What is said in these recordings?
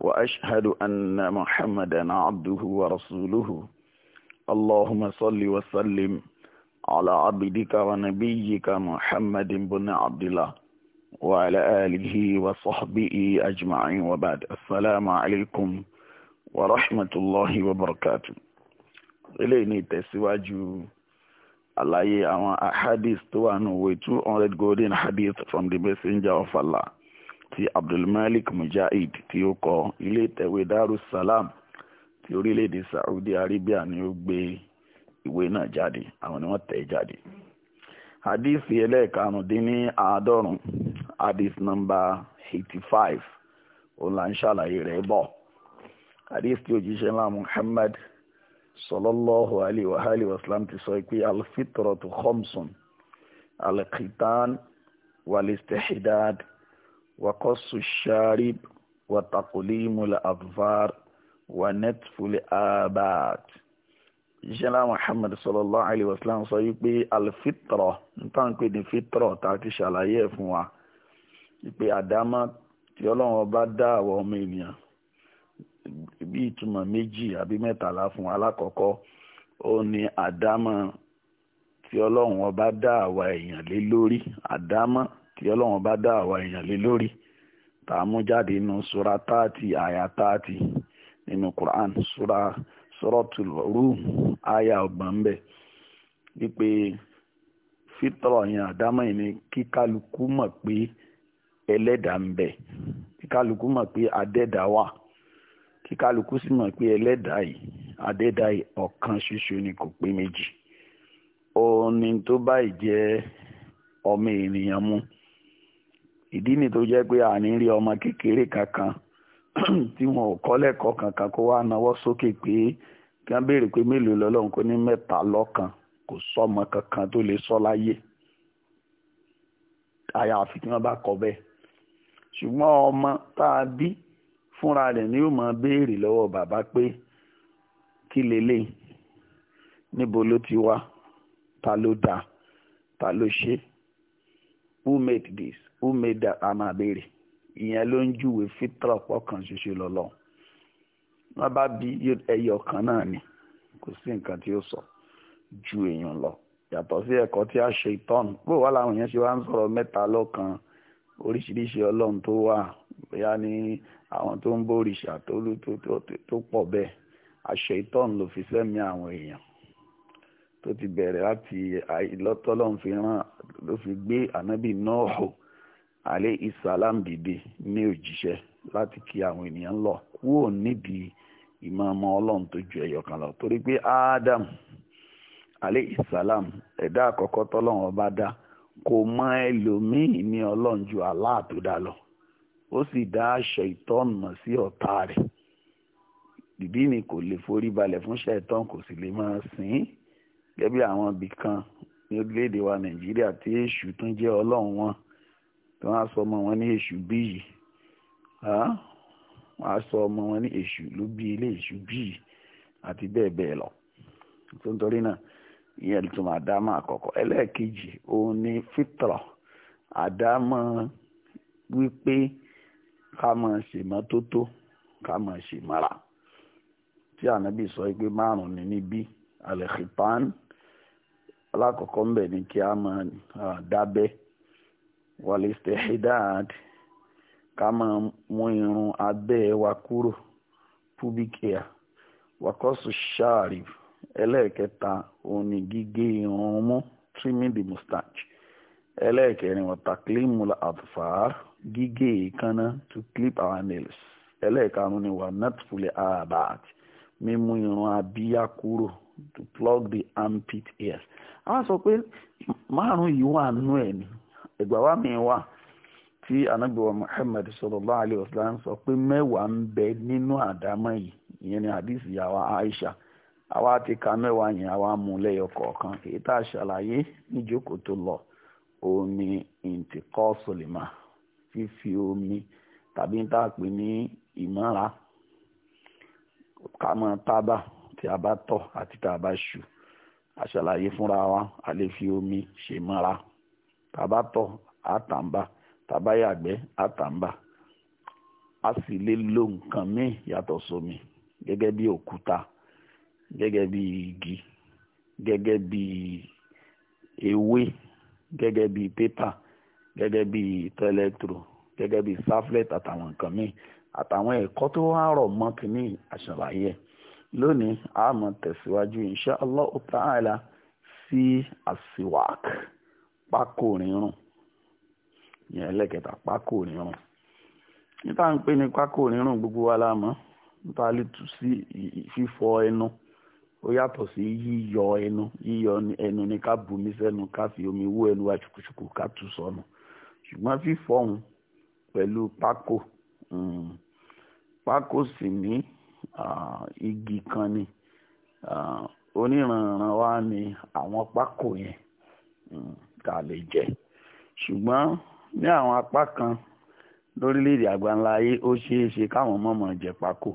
وأشهد أن محمدا عبده ورسوله اللهم صل وسلم على عبدك ونبيك محمد بن عبد الله وعلى آله وصحبه أجمعين وبعد السلام عليكم ورحمة الله وبركاته إليني تسواجو àlàyé àwọn ahadith tó wà nù wé two hundred golden hadith from the messenger of Allah tí abdulmalik mujahid tí ó kọ ilé ìtẹ̀wé darussalam ti orílẹ̀-èdè saudi arabia ni ó gbé ìwé náà jáde àwọn ni wọ́n tẹ̀ jáde. hadithi ẹlẹ́ẹ̀karùndínní àádọ́rùn-ún hadith number eighty five òun là ń ṣàlàyé rẹ̀ bọ̀ hadith tí òjíṣẹ́ ńlá muhammad sallallahu alayhi wa alihi wa sallam ti sọ pé alfitratu khomson alkitan walistihdad وقص الشارب وتقليم الأظفار ونتف الآبات ìṣẹ́lá Muhammad sallallahu alaihi wasallam sọ wípé alfitra nípa ń pè ní fitra tàbí ṣàlàyé ẹ̀ fún wa wípé àdámá tí ọlọ́run ọba dá àwọn ọmọ ènìyàn bí ìtumọ̀ méjì àbí mẹ́tàlá fún alákọ̀ọ́kọ́ ó ní àdámá tí ọlọ́run ọba dá àwa èèyàn lé lórí àdámá tí ọlọ́run bá dá àwa èèyàn lé lórí tá a mú jáde nínú sura táàtì àyà táàtì nínú Quran sura suratul Rum àyà ọgbọ̀n ń bẹ̀ wípé fítọ̀rọ̀ yẹn àdámọ́ yìí ni kíkálukú mọ̀ pé ẹlẹ́dàá ń bẹ kíkálukú mọ̀ pé adẹ́dàá wà kíkálukú sì mọ̀ pé ẹlẹ́dàá yìí adẹ́dàá yìí ọ̀kan ṣoṣo ni kò pé méjì òun ni tó báyìí jẹ́ ọmọ ènìyàn mu ìdí ni tó jẹ́ pé ọmọ kékeré kankan tí wọn ò lẹ́kọ̀ọ́ kankan kó wá náwó sókè pé kí wọ́n béèrè pé mélòó lọ́lọ́run kó ní mẹ́ta lọ́kàn kò sọ́mọ kankan tó lè sọ láyé àyàfi tí wọ́n bá kọ ọmọ tá a bí fúnra ni yóò máa béèrè lọ́wọ́ bàbá pé kí níbo ló ti who made this umeda amabere ìyẹn ló ń júwe fitra pọkàn ṣoṣo lọ́lọ́run wọn bá bí ẹyọ kan náà ni kò sí nǹkan tí ó sọ ju èèyàn lọ yàtọ̀ sí ẹ̀kọ́ tí a ṣe ìtọ́nù bó wà láwọn èèyàn ṣe wá ń sọ̀rọ̀ mẹ́ta lọ́kan oríṣiríṣi ọlọ́run tó wà bóyá ní àwọn tó ń bórìṣà tó pọ̀ bẹ́ẹ̀ àṣẹ ìtọ́nù ló fi sẹ́mi àwọn èèyàn tó ti bẹ̀rẹ̀ láti àìlọ́tọ́lọ́run fi rán ló fi gbé ànábì Nóòhù alẹ́ isalam dìde ní òjíṣẹ́ láti kí àwọn ènìyàn lọ kúrò nídìí ìmọ̀ọ́mọ́ ọlọ́run tó ju ẹyọ kan lọ torí pé adam alẹ́ isalam ẹ̀dá àkọ́kọ́ tọ́lọ́run ọba dá kò mọ ẹlòmíì ní ọlọ́run ju Allah tó dá lọ ó sì dá aṣọ ìtọ́nà sí ọ̀tá rẹ̀ dìdí ni kò lè forí balẹ̀ fún ṣẹ̀tàn kò sì lè máa sìn gẹ́gẹ́ bí àwọn ibì kan ní orílẹ̀-èdè wa nàìjíríà tí èṣù tún jẹ́ ọlọ́run wọn tí wọ́n á sọ ọmọ wọn ní èṣù bí yìí wọ́n á sọ ọmọ wọn ní èṣù ló bí ilé èṣù bí yìí àti bẹ́ẹ̀ bẹ́ẹ̀ lọ tó ń torí náà ìyẹn tó máa dá máa kọ̀kọ̀ ẹlẹ́ẹ̀kejì òun ni fitra àdámọ́ wípé ká máa ṣèmọ́tótó ká máa ṣèmọ́ra tí ànábì sọ pé márùn ní níbí alẹ́kìtán alákọ̀ọ́kọ́ ń bẹ̀ ni kí a máa dábẹ́ walistihdad kama máa mú irun abẹ́ wa kúrò pubic hair wakosu sharif ẹlẹ́ẹ̀kẹta òun ni gígé irun mú trimming the mustache ẹlẹ́ẹ̀kẹrin wàtàkìlímù àtùfàár gígé èékánná to clip our nails ẹlẹ́ẹ̀karùn ni wà nẹ́tìfúlẹ̀ àbàt mímú irun abíyá kúrò to plug the armpit ears a sọ pé márùn yìí wà nú ẹ̀ ni egbawa wa ti tí Muhammad sallallahu alaihi wasallam sọ pé mewa ń bẹ nínú àdámọ́ yìí ìyẹn ni hadith yàwá Aisha àwa ti ka mẹ́wàá yẹn àwa mú lẹ́yọ kọ̀ọ̀kan èyí tá a ṣàlàyé níjókòó tó lọ òun ni fífi omi tàbí tá a ní ìmọ́ra ká tábà tí a bá tọ̀ àti tá a bá a wa a omi ṣe tabatọ atamba tabayagbe atamba yàgbẹ́ a sì lè lo nǹkan míì yàtọ̀ sómi gẹ́gẹ́ bí òkúta gẹ́gẹ́ bí igi gẹ́gẹ́ bí ewé gẹ́gẹ́ bí pépà gẹ́gẹ́ bí tẹ́lẹ̀tro gẹ́gẹ́ bí saflet àtàwọn nǹkan míì àtàwọn ẹ̀kọ́ tó wá rọ̀ mọ́ kínní àṣàlàyé lónìí a máa tẹ̀síwájú insha Allah ta'ala sí àsìwák. pákó rírùn ìyẹn ẹlẹ́kẹta pákó rírùn níta ń pè ní pákó rírùn gbogbo wa la mọ̀ níta lè tú sí fífọ ẹnu ó yàtọ̀ sí yíyọ ẹnu yíyọ ẹnu ni ká bùnmi sẹ́nu ká fi omi wú ẹnu wa ṣùkùṣùkù ká tú sọnù ṣùgbọ́n fífọ òun pẹ̀lú pákó hmm, pákó sì ní igi kan ni oníranran wa ni àwọn pákó yẹn hmm tá a lè jẹ ṣùgbọ́n ní àwọn apá kan lórílẹ̀‐èdè àgbáńlá ayé ó ṣeé ṣe káwọn mọ̀mọ́ jẹ pákó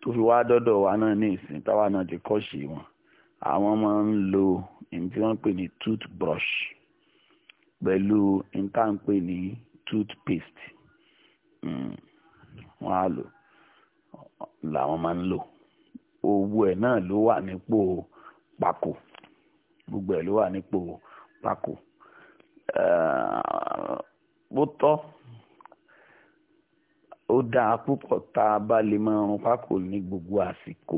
tó fi wá dọ́dọ̀ wa náà ní ìsìn táwa náà ti kọ́ ṣe wọn àwọn máa ń lo ní tí wọ́n pè ní toothbrush pẹ̀lú ní tá à ń pè ní toothpaste hmm, wọ́n á lò làwọn máa ń lò owó ẹ̀ náà ló wà nípò pákó gbogbo ẹ̀ ló wà nípò pákó tako ó tọ́ ó dáa púpọ̀ tá a bá lè máa rún pákó ní gbogbo àsìkò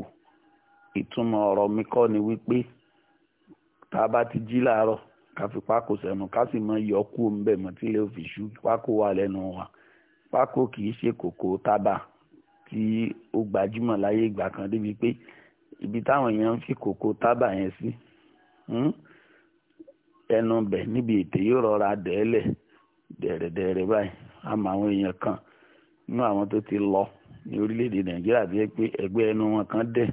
ìtumọ̀ ọ̀rọ̀ mi kọ́ ni wípé tá a bá ti jí láàárọ̀ ká fi pákó sẹ́nu ká sì máa yọ kú ńbẹ̀ mọ́ tí ilé òfin ṣú pákó wà lẹ́nu wa pákó kì í ṣe kòkó tábà tí ó gbajúmọ̀ láyé ìgbà kan débi pé ibi táwọn èèyàn ń fi kòkó tábà yẹn sí. Si. Hmm? ẹnu be níbi ètè yóò rọra dẹ́ẹ̀lẹ̀ dẹ̀rẹ̀dẹ̀rẹ̀ báyìí àmọ́ ama èèyàn kan nínú àwọn tó ti lọ ní orílẹ̀-èdè nàìjíríà bí pé ẹgbẹ́ ẹnu wọn kan dẹ̀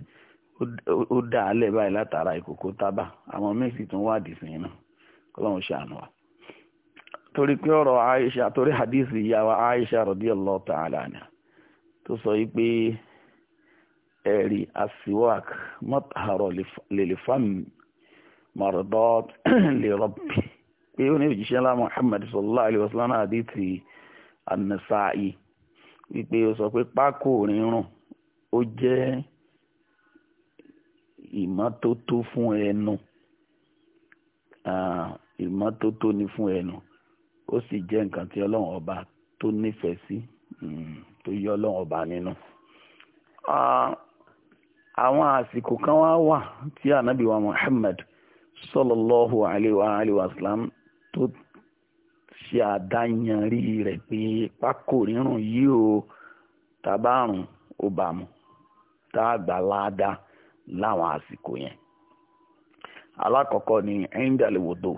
ó dà á lẹ̀ báyìí látara ìkòkò tábà àwọn tun tún wà dìsìn náà kọ́lọ́run ṣàánú wa torí pé ọ̀rọ̀ Aisha torí hadisi ìyá wa Aisha radiyallahu tó sọ yìí pé ẹ̀rí asiwak mọ́tàrọ̀ mardot li rabbi pé ó ní òjíṣẹ́ ńlá muhammad sallallahu alayhi wa sallam àdìtì an-nasa'i wípé ó sọ pé pákó rírùn ó jẹ́ ìmọ́tótó fún ẹnu ìmọ́tótó ni fún ẹnu ó sì jẹ́ nǹkan tí ọlọ́run ọba tó nífẹ̀ẹ́ sí mm, tó yọ ọlọ́run ọba nínú. àwọn àsìkò kan wá wà tí ànábì wa sallallahu alaihi wa alihi wasallam tó ṣe àdáyanrí rẹ̀ pé pákó rírùn yìí o tábàrùn ó bá mu tá a gbà láwọn àsìkò yẹn alákọ̀ọ́kọ́ ni ẹ̀ńdàlẹ́wòdò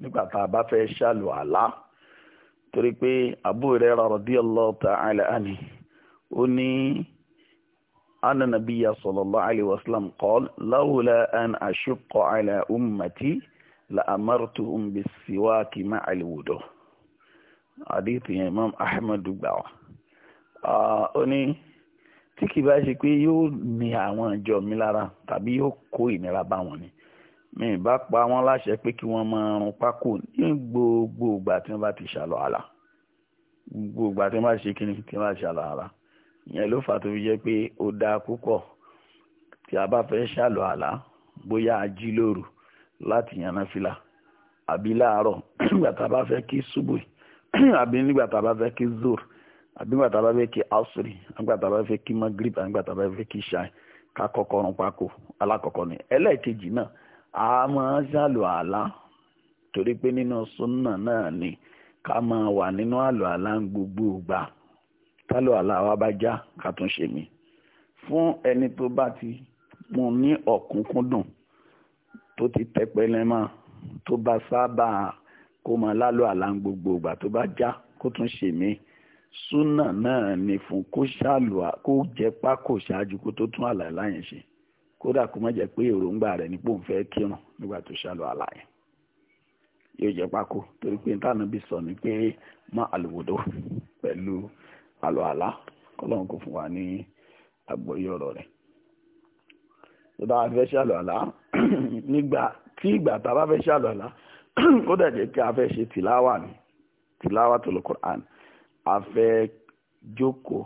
nígbà tá a torí pé ó ní. anna nabiyya sallallahu alayhi wa sallam qala lawla an ashqa ala ummati la amartuhum bis-siwaki ma'al wudu hadith yẹn imam ahmed gbà wá ó ní tí kì bá ṣe pé yóò ní àwọn ìjọ mi lára tàbí yóò kó ìnira bá wọn ni mi bá pa wọn láṣẹ pé kí wọ́n máa run pákó ní gbogbo ìgbà tí wọ́n bá ti ṣàlọ àlà gbogbo ìgbà tí wọ́n bá ṣe kíni tí wọ́n bá ṣàlọ àlà ìyẹn ló fà tó fi jẹ́ pé ó dáa púpọ̀ tí a bá fẹ́ ṣàlọ àlá bóyá a jí lóru láti yànnà fìlà àbí láàárọ̀ nígbà tá a bá fẹ́ kí ṣubú àbí nígbà tá a bá fẹ́ kí zor àbí nígbà tá a bá fẹ́ kí asri nígbà tá a bá fẹ́ kí magrib nígbà tá a bá fẹ́ kí shai ká kọ́kọ́ rún pákó alákọ̀ọ́kọ́ ni ẹlẹ́ẹ̀kejì náà a máa ṣàlọ àlá torí pé nínú súnà náà ni ká máa wà nínú àlọ́ àlá gbogbo ìgbà tálọ̀ aláwa bá já ká tún ṣe mí fún ẹni tó bá ti mu ní ọ̀kúnkúndùn tó ti tẹpẹlẹ mọ́ tó bá sábà kó mọ lálọ́ àlá gbogbo ìgbà tó bá já kó tún ṣe mí súnà náà ni fún kó ṣàlùwà kó jẹ pákó ṣáájú kó tó tún àlàyé láyẹn ṣe kódà kó má jẹ pé èròǹgbà rẹ̀ ní pòun fẹ́ kírun nígbà tó ṣàlùwà láyé yóò jẹ pákó torí pé nítorí bí sọ ni pé má àlùwòdó àlọ́ àlá kọ́lọ́n kò fún wa ní àgbọ́yé ọ̀rọ̀ rẹ̀ tó dáa fẹ́ ṣe àlọ́ àlá nígbà tí ìgbà tá a bá fẹ́ ṣe àlọ́ àlá ó dẹ̀ jẹ́ kí a fẹ́ ṣe tìláwà ni tìláwà tó lọ Qur'an a fẹ́ jókòó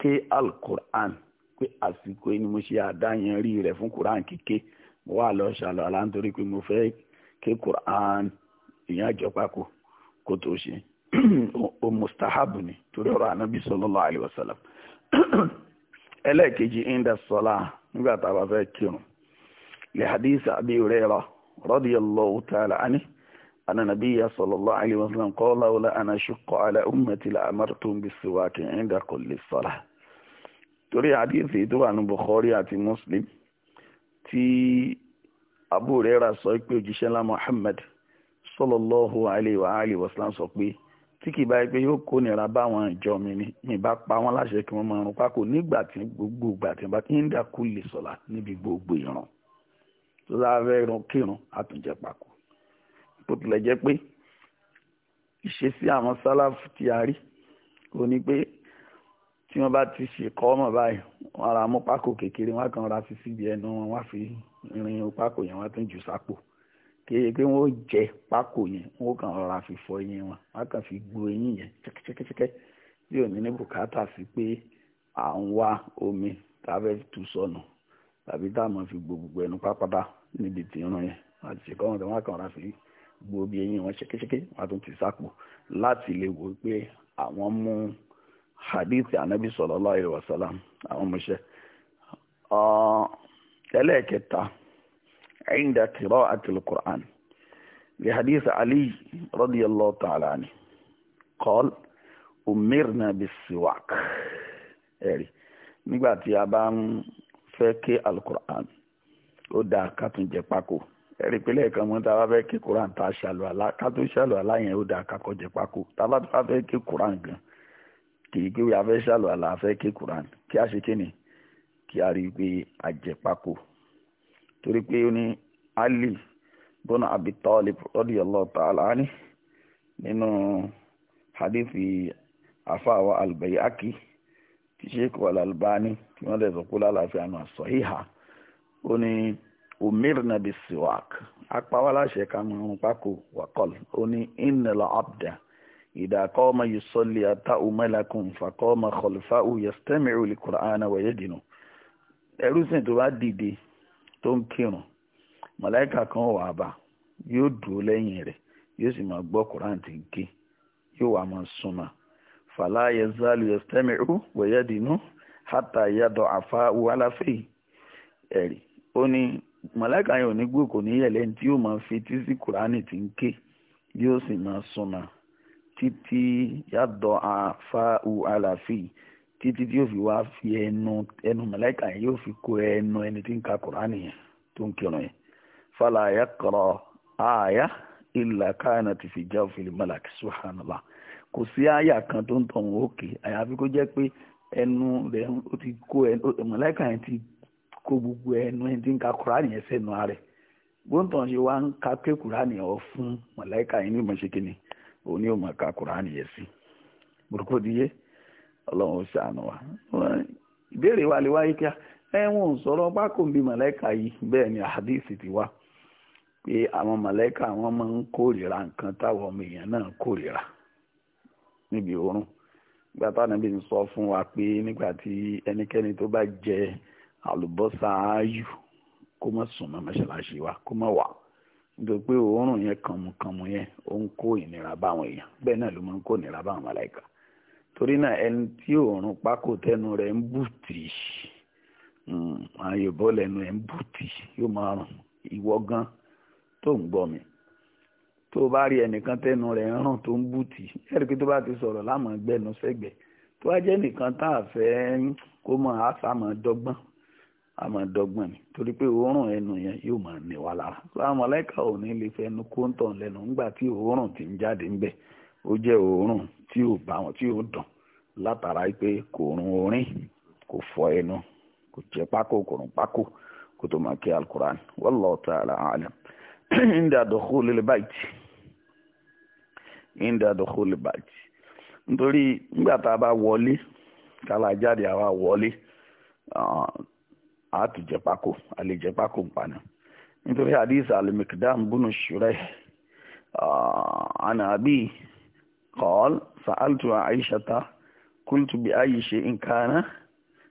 ké al-Qur'an pé àsìkò yìí ni mo ṣe àdáyẹnrí rẹ̀ fún Qur'an kíké mo wà lọ ṣàlọ́ àlá nítorí pé mo fẹ́ ké Qur'an ìyẹn àjọpá kó tó ṣe o mustahabu ni torí ọ̀rọ̀ ànábì sallallahu alaihi wasallam ẹlẹ́ẹ̀kejì inda sọlá nígbà tá a bá fẹ́ kírun lè hadith abi hurairah radiyallahu ta'ala anhu anna nabiyya sallallahu alaihi wasallam qala lawla an ashqa ala ummati la amartum bis-siwak inda kulli sọlá torí hadith tó wà ní bukhari àti muslim tí abu hurairah sọ pé òjíṣẹ́ ńlá muhammad sallallahu alaihi wa alihi wasallam sọ pé tí kì í báyìí pé yóò kó nira báwọn ìjọ mi ni mi pa wọn láṣẹ kí wọn máa rún pákó nígbà tí gbogbo ìgbà tí wọn bá ń dàkú lè sọlá níbi gbogbo ìran tó láfẹ́ rún kírun àtúnjẹ pákó bó tilẹ̀ jẹ́ pé ìṣesí àwọn sálàfù tí a rí kò ní pé tí wọ́n bá ti ṣèkọ́ ọmọ báyìí wọ́n ra mú pákó kékeré wọ́n kàn ra fi síbi ẹnu wọn wá fi rin pákó yẹn wọ́n tún jù sápò kéye pé wọ́n jẹ pákó yẹn wọ́n kàn rọra fi fọ eyín wọn wọ́n kàn fi gbo eyín yẹn ṣẹ́kẹ́ṣẹ́kẹ́ bí òní ní bùkátà sí pé à ń wá omi tàbí tu sọnù tàbí táwọn fi gbo gbogbo ẹnu pápátá níbi tí irun yẹn àti ṣèkọ́ wọn wọ́n kàn rọra fi gbo bí eyín wọn ṣẹ́kẹ́ṣẹ́kẹ́ wọ́n tún ti sápò láti lè wò pé àwọn mú hadith anabi sallallahu alaihi wasallam àwọn mọṣẹ ẹlẹ́ẹ̀kẹta. Uh, عند قراءة القرآن لحديث علي رضي الله تعالى عنه قال أمرنا بالسواك يعني nígbà tí a bá ń fẹ́ ké alukur'an ó dáa ká tún jẹ pákó ẹ̀rí pé lẹ́ẹ̀kan mọ́ tá a bá fẹ́ ké kuran tá a ṣàlù àlá ká tó ṣàlù àlá yẹn ó dáa ká kọ́ a ké kuran ké kuran torí pé ó ní ali bọ́nà abi talib radiyallahu ta'ala ani nínú hadithi afáwa albayaki tí sheikh al-albani tí wọ́n dẹ̀ sọ́kú lálàáfíà náà sahiha ó ní umirna bis-siwak apáwáláṣẹ ká máa ń pákó wàkọ́l ó ní innal abda إذا قام يصلي أتاه ملك فقام خلفه يستمع للقرآن ويدنو ẹrúsìn tó bá dìde tó ń kírun màláìka kan wà bá yóò dúró lẹ́yìn rẹ̀ yóò sì máa gbọ́ koran tí ń ké yóò wá máa súnmọ́ fàlà yazalu yastami'u wa yadinu hatta yadọ̀ àfa wàláfẹ́ ẹ̀rí ó ní màláìka yẹn ò ní gbó kò ní yẹlẹ́ tí yóò máa fetí sí koran tí ń ké yóò sì máa súnmọ́ títí yadọ̀ àfa wàláfẹ́ yìí títí tí yóò fi wá fi ẹnu ẹnu màláíkà yẹn yóò fi kó ẹnu ẹni tí ń ka kùránì yẹn tó ń kírun yẹn fala aya àyà illa kanat fi jawfil malak subhanallah kò sí àyà kan tó ń tọ̀ wọ́n òkè àyàfi kó jẹ́ pé ẹnu rẹ̀ ó ti kó ẹnu màláíkà yẹn ti kó gbogbo ẹnu ẹni tí ń ka kùránì yẹn sẹ́nu rẹ̀ gbóǹtàn ṣe wá ń ka ké kùránì ọ̀ fún màláíkà yẹn ní ìmọ̀ òun ni ó mọ̀ ka kùránì yẹn sí burúkú díẹ̀ ọlọ́run ó ṣàánú wa ìbéèrè wa lè wáyé kíá ẹ̀wọ̀n ò sọ̀rọ̀ pákó ń bí mọ̀lẹ́kà yìí bẹ́ẹ̀ ni àdìsí ti wá pé àwọn mọ̀lẹ́kà wọn máa ń kórìíra nǹkan táwọn ọmọ èèyàn náà kórìíra níbi oorun ìgbà táwọn ẹbí ń sọ fún wa pé nígbà tí ẹnikẹ́ni tó bá jẹ àlùbọ́sà áyù kó má sùn mọ́ mọ́ṣáláṣí wa kó má wà nítorí pé oorun yẹn kànmùkànmù yẹn ó ń kó ìnira báwọn èèyàn bẹ́ẹ̀ náà ló máa ń kó ìnira báwọn mọ̀lẹ́kà torí náà ẹni tí òórùn pákó tẹnu rẹ̀ ń bù tì hmm, àwọn yorùbá lẹ́nu ẹ̀ ń bù tì yóò máa rùn ìwọ gan tó ń gbọ́ mi tó bá rí ẹnìkan tẹnu rẹ̀ ń rùn tó ń bù tì ẹ̀rí tó bá ti sọ̀rọ̀ láàmú gbẹnu sẹ́gbẹ̀ tó wá nìkan tá a fẹ́ kó mọ̀ á sàmọ̀ dọ́gbọ́n àmọ́ dọ́gbọ́n ni torí pé òórùn ẹnu yẹn yóò máa ní wa lára tó àwọn mọ̀lẹ́kà ò ní lè fẹnu kóńtàn lẹ́nu nígbà tí òórùn ti ń jáde ńbẹ̀ ó jẹ́ òórùn tí ò bá wọn tí ò dùn látara pé kò rún orin kò fọ ẹnu kò jẹ pákó kò rún pákó kò tó máa kí alukur'an wallahu ta'ala a'lam inda dukhulil bait inda dukhulil bait nítorí nígbà tá a bá wọlé kálá jáde àwa wọlé a ti jẹ pákó a lè jẹ pákó nǹkan nítorí hadith al bunu Shurayh ana abi qala. سألت عائشة قلت بأي شيء كان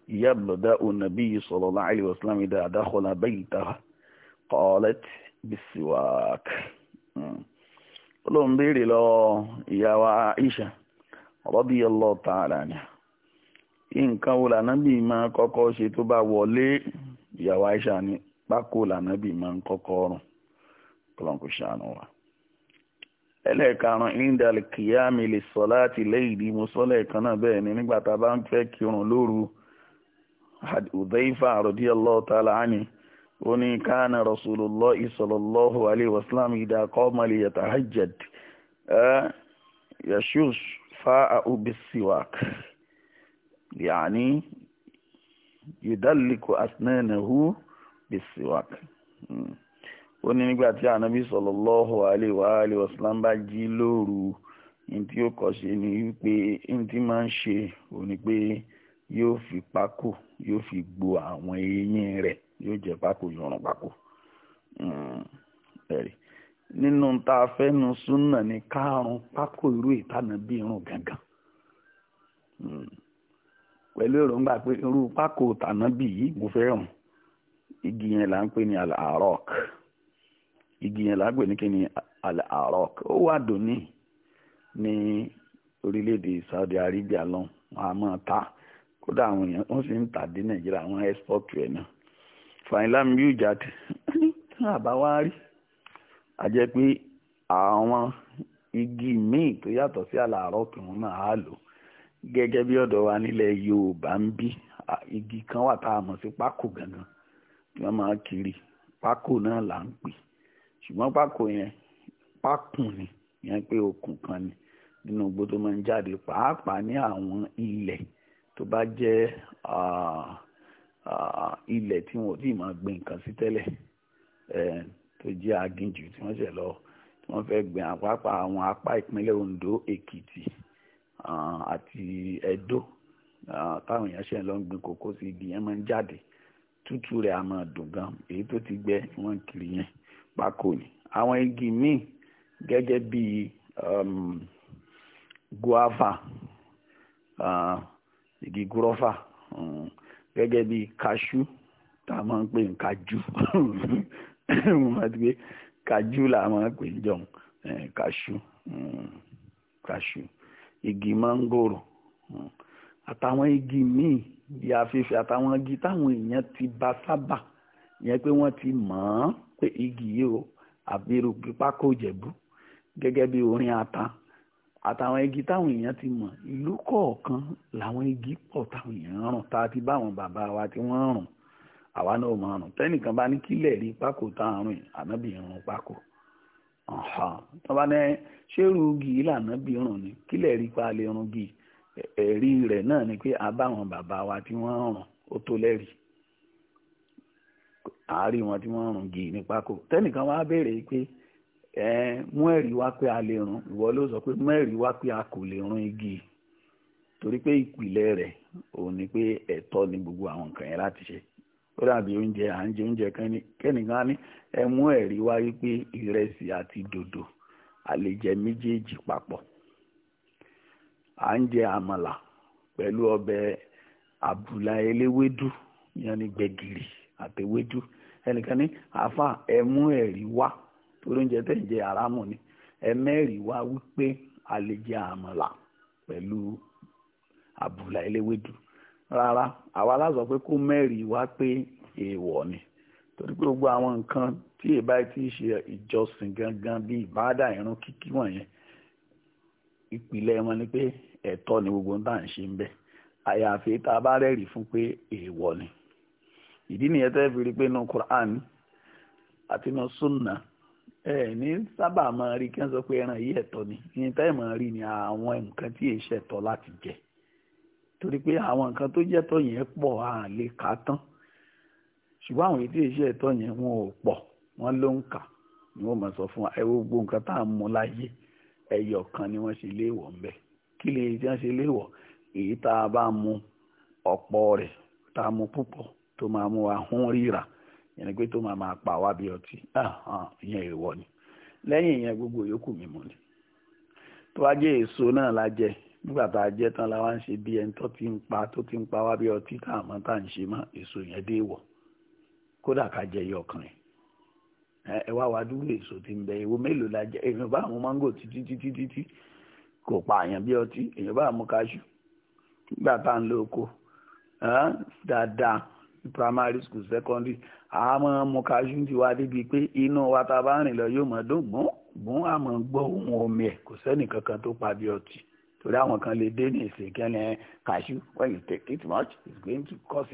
يبدأ النبي صلى الله عليه وسلم إذا دخل بيته قالت بالسواك olóhùn béèrè lọ ìyàwó Aisha radiyallahu ta'ala anha nǹkan wo lànàbì máa kọ́kọ́ ṣe tó bá wọlé ìyàwó Aisha ní pákó lànàbì máa ń kọ́kọ́ rùn kọ́lọ́n kò ṣàánú wa ẹlẹ́ẹ̀karùn indal kiyami lè sọ láti lẹ́yìndì mo sọ lẹ́ẹ̀kan náà bẹ́ẹ̀ ni nígbà tá a bá ń fẹ́ kírun lóru Hudhayfa radiyallahu ta'ala anhu ó ní kánà rasulullah sallallahu alayhi wa sallam idha qama li yatahajjad eh, yashush fa'ahu bis-siwak ya'ni yudalliku asnanahu bis-siwak. Hmm. ó ní nígbà tí ànábì sallallahu alaihi wa alihi wasallam bá jí lóru ní tí ó kọ́ ṣe ni wípé ní tí máa ń ṣe ò ní pé yóò fi pákó yóò fi gbo àwọn eyín rẹ̀ yóò je pákó yọrùn pákó hmm, nínú tá a fẹ́ nu súnà ní kárùn pákó irú ìtànà bí irun gangan hmm. pẹ̀lú èròǹgbà pé irú pákó tànà bí yìí mo fẹ́ igi yẹn là ń pè ní igi yẹn lágbè ní kí ni al-araq ó wà dòní ní orílẹ̀-èdè Saudi Arabia lọ wọn a máa ta kódà àwọn èèyàn wọn sì ń tà dé Nàìjíríà wọn export náà yóò a jẹ́ pé àwọn igi míì tó yàtọ̀ sí àlàárọ̀ kí wọ́n máa lò gẹ́gẹ́ bí ọ̀dọ̀ wa nílẹ̀ Yorùbá ń bí igi kan wà tá a gangan wọ́n máa kiri pákó náà là ṣùgbọ́n pákó yẹn pákùn ni yẹn pé okùn kan ni nínú igbó tó máa ń jáde pàápàá ní àwọn ilẹ̀ tó bá jẹ́ ilẹ̀ tí wọn ò tí ì máa gbin nǹkan sí tẹ́lẹ̀ tó jẹ́ aginjù tí wọ́n ṣẹ̀ lọ tí wọ́n fẹ́ gbin àpapọ̀ àwọn apá ìpínlẹ̀ Ondo Èkìtì àti Ẹdó táwọn èèyàn ṣẹ̀ lọ ń gbin kòkó sí igi yẹn máa ń jáde tútù rẹ̀ á máa dùn gan èyí tó ti gbẹ wọ́n kiri yẹn pákó ni àwọn igi míì gẹ́gẹ́ bí um, guava uh, igi gurofa, um, gẹ́gẹ́ bí kaṣú tá a máa ń pè ní kajú kajú là a máa ń pè ní jọ̀hún kaṣú eh, kaṣú um, igi mángòrò um, àtàwọn igi míì bí afẹ́fẹ́ àtàwọn igi táwọn èèyàn ti bá sábà yẹn pé wọ́n ti mọ̀ ọ́n pé igi yìí o àbí irú pákó ìjẹ̀bú gẹ́gẹ́ bí orin ata àtàwọn igi táwọn èèyàn ti mọ̀ ìlú kọ̀ọ̀kan làwọn igi pọ̀ táwọn èèyàn rùn tá a ti bá àwọn bàbá wa tí wọ́n rùn àwa náà mọ̀ rùn tẹ́nìkan bá ní kílẹ̀ rí pákó tá a rùn ànábì rùn pákó tó bá ní ṣérú igi lànábì rùn ni kílẹ̀ rí pa lè rùn igi ẹ̀rí rẹ̀ náà ni pé a bá àwọn bàbá wa tí wọ́n rùn ó tó lẹ́rìí àárí wọn tí wọ́n rùn gì ní pákó tẹ́nìkan wá béèrè pé ẹ mú ẹ̀rí wá pé a lè rún ìwọ ló sọ pé mú ẹ̀rí wá pé a kò lè igi torí pé ìpìlẹ̀ rẹ̀ òun ni pé ni gbogbo àwọn nǹkan yẹn láti ṣe ó dàbí oúnjẹ à ń jẹ oúnjẹ kẹ́nìkan ní ẹ mú ẹ̀rí wá wípé ìrẹsì àti dòdò a lè jẹ méjèèjì papọ̀ à ń jẹ àmàlà eléwédú ẹnìkan ní àáfà ẹ mú ẹ̀rí wá torí oúnjẹ tẹ̀ ń jẹ àrámù ni ẹ mẹ́rìí wá wípé a lè jẹ àmàlà pẹ̀lú àbùlà eléwédú rárá àwa la sọ pé kó mẹ́rìí wá pé èèwọ̀ ni torí pé gbogbo àwọn nǹkan tí èèbá ti ṣe ìjọsìn gangan bíi ìbáàdà irun kíkí wọ̀nyẹn ìpìlẹ̀ wọn ni pé ẹ̀tọ́ ni gbogbo ń tà ń ṣe ń bẹ àyàfi tá a bá rẹ́rìí fún pé èèwọ̀ ni ìdí nìyẹn tẹ́ fi rí pé inú Quran àti inú sunna ẹ ní sábà máa rí kí wọ́n sọ pé ẹran yìí ẹ̀tọ́ ni ìyẹn tẹ́ máa rí ni àwọn nǹkan tí èyí ṣẹ̀tọ́ láti jẹ torí pé àwọn nǹkan tó jẹ́tọ́ yẹn pọ̀ à lè kà tán ṣùgbọ́n àwọn èyí tí èyí ṣẹ̀tọ́ yẹn wọn ò pọ̀ wọ́n ló ń kà ni wọ́n máa sọ fún wa ẹ gbogbo nǹkan tá à ń mú láyé ẹyọ kan ni wọ́n ṣe léèwọ̀ ńbẹ kí lè tí wọ́n ṣe léèwọ̀ èyí tá a bá mu ọ̀pọ̀ rẹ̀ tá a mu púpọ̀ tó máa mú wa hún ríra yẹn pé tó máa máa pa wá bí ọtí ah, ah, ìyẹn èèwọ̀ ni lẹ́yìn ìyẹn gbogbo yòókù mímu ni tó bá jẹ́ èso náà la jẹ nígbà tá a jẹ tán la wá ń ṣe bí ẹni tó ti ń pa tó ti ń pa wá bí ọtí tá a mọ̀ tá à ń ṣe mọ́ èso yẹn dé wọ̀ kódà ká jẹ iye ọkùnrin ẹ wá wá dúró èso ti ń bẹ ewo mélòó la jẹ èèyàn bá mu máńgò títí títí títí kò pa àyàn bí ọtí èèyàn bá mu kájú nígbà tá à ń lo oko dáadáa primary school secondary àmọ́ mo casualty wa débi pé inú wa ta bá rìn lọ yóò mọ̀ dùn gbọ́n gbọ́n àmọ́ gbọ́ ohun omi ẹ̀ kò sẹ́nì kankan tó pa bí ọtí torí àwọn kan lè dé ní ìsìnkẹ́ni kàṣú when you take it much it's going to cause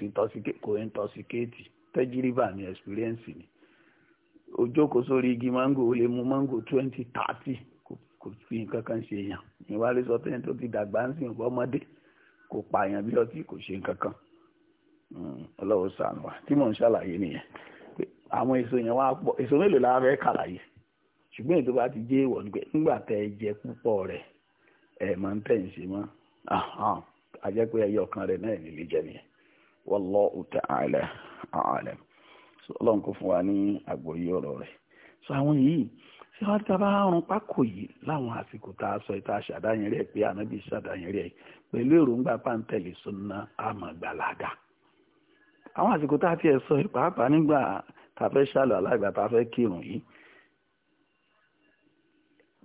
intoxicate kò intoxicate tẹ́jìrìbà ni experience ni ojókòó sórí igi mango ó lè mu mango twenty thirty kò fi nǹkan kan ṣe èèyàn ìwádìí sọ pé ẹni tó ti dàgbà ń sìn ọmọdé kò pààyàn bí ọtí kò ṣe nǹkan Mm, ọlọ́wọ́ sànù wa tí mò ń ṣàlàyé nìyẹn àwọn èso yẹn pọ̀ èso mélòó la fẹ́ kàlàyé ṣùgbọ́n ètò bá ti jẹ́ ìwọ̀ nígbẹ́ nígbà tẹ́ púpọ̀ rẹ̀ ẹ̀ máa ń tẹ̀ mọ́ mọ́ àjẹ́ pé ẹyọ kan rẹ̀ náà nílé jẹ nìyẹn lọ ta'ala ọlọ́run kò fún wa ní ọ̀rọ̀ rẹ̀ so àwọn yìí ṣé wàá yìí láwọn àsìkò tá sọ àwọn àsìkò tá a ti ẹ̀ sọ yìí pàápàá nígbà tá a fẹ́ ṣàlù alágbà tá a fẹ́ kírun yìí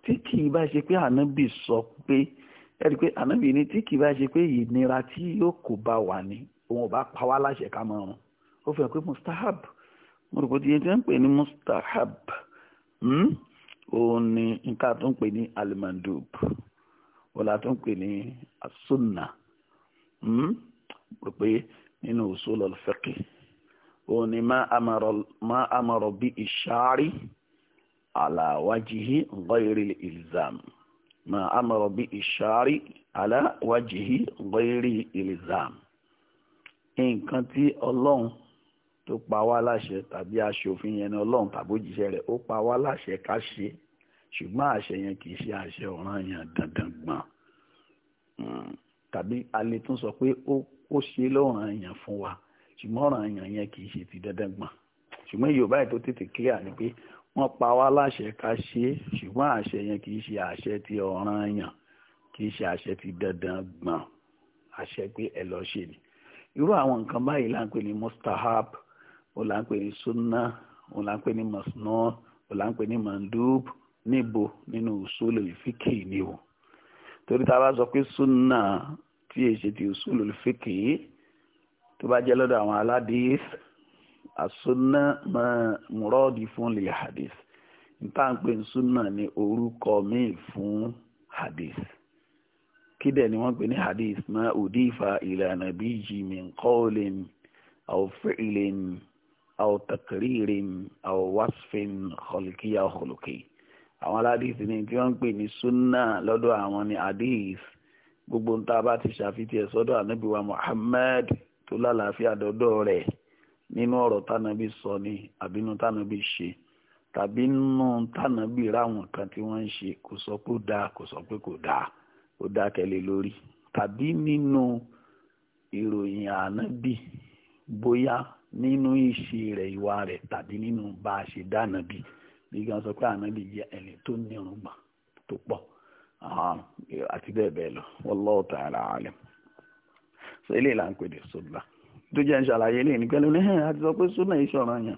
tí kì í bá ṣe pé ànábì sọ pé ẹ rí i pé ànábì ni tí kì í bá ṣe pé ìnira tí yóò kó bá wà ní òun ò bá pa wá láṣẹ ká máa rún ó fi pé mustahab mo rò pé ti yẹn ti ń pè ní mustahab hmm, òun ni nǹkan tó ń pè ní alimandub wọ́n la tó ń pè ní asunna hmm, rò pé nínú usul al-fiqh òun ni ma amara bí ìṣáárí ala wajihi ghayri ilzam ma amara bí ìṣáárí ala wajihi ghayri ilzam nǹkan tí ọlọ́run tó pa wá láṣẹ tàbí aṣòfin yẹn ni ọlọ́run tàbí òjíṣẹ́ rẹ̀ ó pa wá láṣẹ ká ṣe ṣùgbọ́n àṣẹ yẹn kì í ṣe àṣẹ ọ̀ranyàn dandan gbọ̀n hmm. tàbí a lè tún sọ pé ó ó ṣe lọ́ràn èèyàn fún wa ṣùgbọ́n ọ̀ràn èèyàn yẹn kì í ṣe ti dandan gbọ̀n ṣùgbọ́n yorùbá ètò tètè clear ni pé wọ́n pa wá láṣẹ ká ṣe é ṣùgbọ́n àṣẹ yẹn kì í ṣe àṣẹ ti ọ̀ràn èèyàn kì í ṣe àṣẹ ti dandan gbọ̀n àṣẹ pé ẹ lọ ṣe ni irú àwọn nǹkan báyìí là ń pè ní mustahab ó là ń pè ní sunna ó là ń pè ní masna ó là ń pè ní mandub níbo nínú usulu ìfíkì ni o torí tá a bá sọ pé sunna tí èyí ṣe ti usulul fiqhi tó bá jẹ́ lọ́dọ̀ àwọn aládìs àsúná mọ́ múrọ́ọ̀dì fún lè hadis níta ń pè súnà ní orúkọ míì fún hadis kí dẹ̀ ni wọ́n pè ní hadis mọ́ udifa ila nabiyyi min qawlin aw fi'lin aw takririn aw wasfin khalqiyya khuluqi àwọn aládìs ni tí wọ́n pè ní súnà lọ́dọ̀ àwọn ní hadis gbogbo ń tá a bá ti ṣàfitì ẹ̀ sọ́dọ̀ ànábì wa Muhammad tó lálàáfíà dọ́dọ̀ rẹ̀ nínú ọ̀rọ̀ tánàbí sọ ni àbínú tánàbí ṣe tàbí nínú tánàbí ráwọn kan tí wọ́n ń ṣe kò sọ pé ó dáa kò sọ pé kò dáa ó dákẹ́lẹ́ lórí tàbí nínú ìròyìn ànábì bóyá nínú ìṣe rẹ̀ ìwà rẹ̀ tàbí nínú bá a ṣe dá ànábì bí gan sọ pé ànábì jẹ́ ẹni tó ní ọ̀rùngbọ̀n tó pọ̀ àti bẹ́ẹ̀ bẹ́ẹ̀ lọ wallahu ta'ala alim so eléyìí là ń pè dé sunna tó jẹ́ ń ṣàlàyé eléyìí ní pẹ́lú ní àti sọ pé sunna yìí ṣọ̀rọ̀ yàn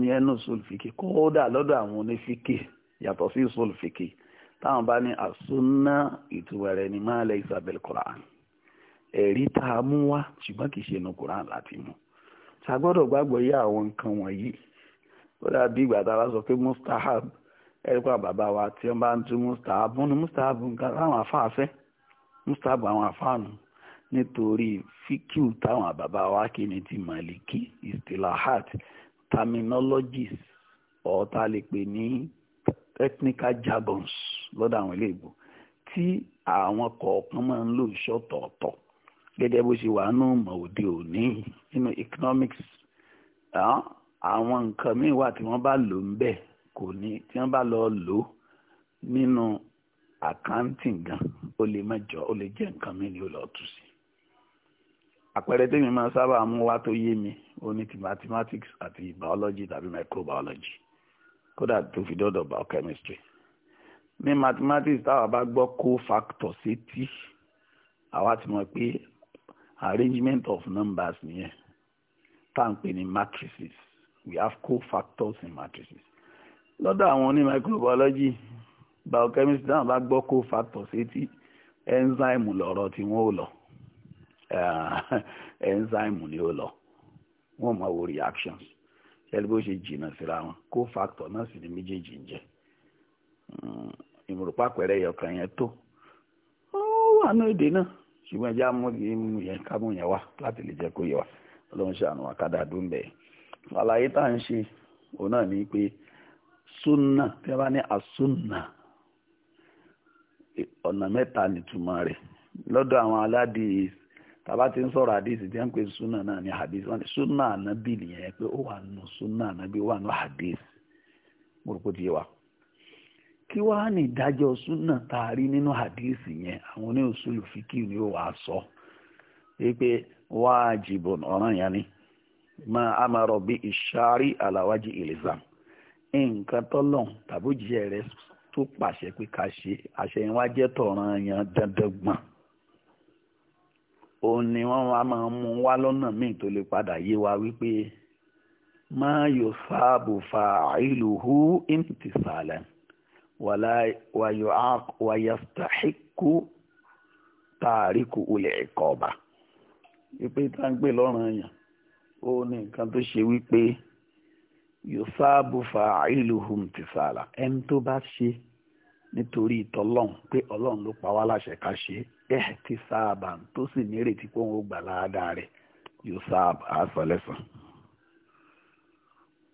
ní ẹnu sọlùfìkì kódà lọ́dọ̀ àwọn onífìkì yàtọ̀ sí sọlùfìkì táwọn bá ní àsunna ìtumọ̀ rẹ̀ ní ma laysa bil Qur'an ẹ̀rí tá a mú wá ṣùgbọ́n kì í ṣe inú Qur'an láti mú ta gbàgbọ́ yé àwọn nǹkan wọ̀nyí ó dàbí ìgbà tá a bá sọ pé mustahab ẹ̀ríkọ́ àbàbà wa tí wọ́n bá ń tún mustaabu ní mustahabu nǹkan táwọn afáà fẹ́ mustahabu àwọn afáà nítorí fíkìú táwọn àbàbà wa kì ní ti màlìkì istilahat terminologies ọ̀ọ́ta lè pè ní technical jargons lọ́dọ̀ àwọn ilé ìbò tí àwọn kọ̀ọ̀kan máa ń lò sọ́tọ̀ọ̀tọ̀ gẹ́gẹ́ bó ṣe wà nù òde òní nínú economics àwọn nǹkan míì wà tí wọ́n bá lò ń bẹ́ẹ̀ kò ní tí wọ́n bá lọ lò ó nínú àkáǹtì gan ó lè mẹ́jọ ó lè jẹ́ nǹkan mi ni ó lọ tù sí. àpẹẹrẹ tèmi máa sábà mú wá tó yé mi ó ní ti mathematics àti biology tàbí microbiology kódà tó fi dọ́dọ̀ biochemistry ní mathematics táwa bá gbọ́ cofactor sétí àwa ti mọ̀ pé arrangement of numbers nìyẹn tá à ń pè ní matrices we have cofactors in matrices lọ́dọ̀ àwọn oní microbiology biochemistry náà bá gbọ́ kó factor sétí enzyme lọ̀rọ̀ tí wọ́n ò lọ enzyme ni ó lọ wọ́n máa wo reactions ṣẹ́ni bó ṣe jìnnà síra wọn kó factor náà sì ni méjèèjì ń jẹ ìmùrùpá pẹ̀rẹ́ yọkàn yẹn tó ó wà ní èdè náà ṣùgbọ́n ẹja mú ìmú yẹn kámú yẹn wá láti lè jẹ́ kó yẹ wá ọlọ́run ṣàánú àkàdà dùn bẹ́ẹ̀ àlàyé tá à ń ṣe òun náà ní pé suna tí a bá ní àsúnà ọ̀nà mẹ́ta awọn rẹ̀ lọ́dọ̀ àwọn tàbá ti ń sọ̀rọ̀ àdìsí tí wọ́n pe súnà náà ní àdìsí wọ́n ni súnà ànábì nìyẹn pé ó wà nù súnà ànábì ó wà nù àdìsí mo rò pé ti yé wa kí wàá ní ìdájọ́ ni ó wàá sọ wípé wájibun ọ̀ràn nǹkan tọ́lọ́n tàbójìṣẹ́ rẹ̀ tó pàṣẹ pé ká ṣe àṣẹ tọ̀ràn dandan gbọ̀n ni wọ́n wá máa mú wá lọ́nà míì tó lè padà yé wa wípé máa yọ sáàbù fa hu ìmùtìsàlẹ̀ wàyàstàhíkù tààríkù ulẹ̀ ẹ̀kọ́ ọba wípé tá ń gbé lọ́rùn yẹn ó ní nǹkan tó ṣe wípé. yòsáàbù fa'iluhum tisala ẹni tó bá ṣe nítorí ìtọ́lọ́hún pé ọlọ́run ló pa wá láṣẹ ká ṣe ẹ̀ ti sáàbà tó sì nírètí pé òun ó gbà láàdáa rẹ̀ yòsáàbù àṣọlẹ́sàn.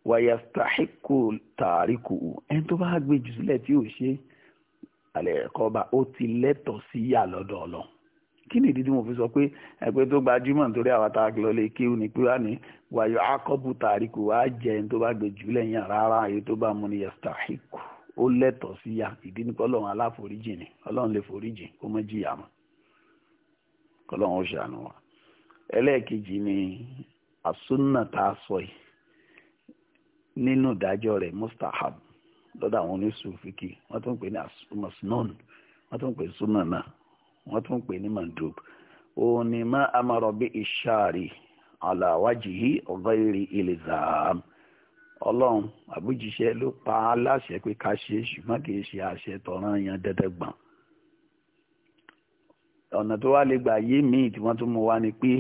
wàyàstàhíkù tàríkù ẹni tó bá gbé jù sílẹ̀ tí ṣe ẹ̀kọ́ bá ti lẹ́tọ̀ọ́ sí yà lọ́dọ̀ ọlọ́run kí nìdí tí mo fi sọ pé ẹgbẹ́ tó gbajúmọ̀ nítorí àwọn tá a lọ lè kí ni pé wà ní wàyọ̀ akọ́bù tàríkù wàá jẹ ẹni tó bá gbé jù lẹ́yìn rárá èyí tó bá mú ni yastahiku ó lẹ́tọ̀ọ́ sí ya ìdí ni kọ́lọ́run aláforíjì ni ọlọ́run lè foríjì kó mọ́ jìyà mọ́ kọ́lọ́run ó ṣàánú wa ẹlẹ́ẹ̀kejì ni àsúnà tá a sọ yìí nínú ìdájọ́ rẹ̀ mustahab lọ́dọ̀ àwọn oníṣòfìkì wọ́n tún pè ní masnon wọ́n náà wọ́n tún pè ní mandub òun ni má amọ̀rọ̀ bí ìṣàárì àlàwájìhí ọ̀gáìrì ìlìzàm ọlọ́run àbújíṣẹ́ ló pa á láṣẹ pé ká ṣe ṣùgbọ́n kì í ṣe àṣẹ tọ̀ràn yan dẹ́dẹ́ gbọ̀n ọ̀nà tó wá lè gbà yé míì tí wọ́n tún mú wá ni pé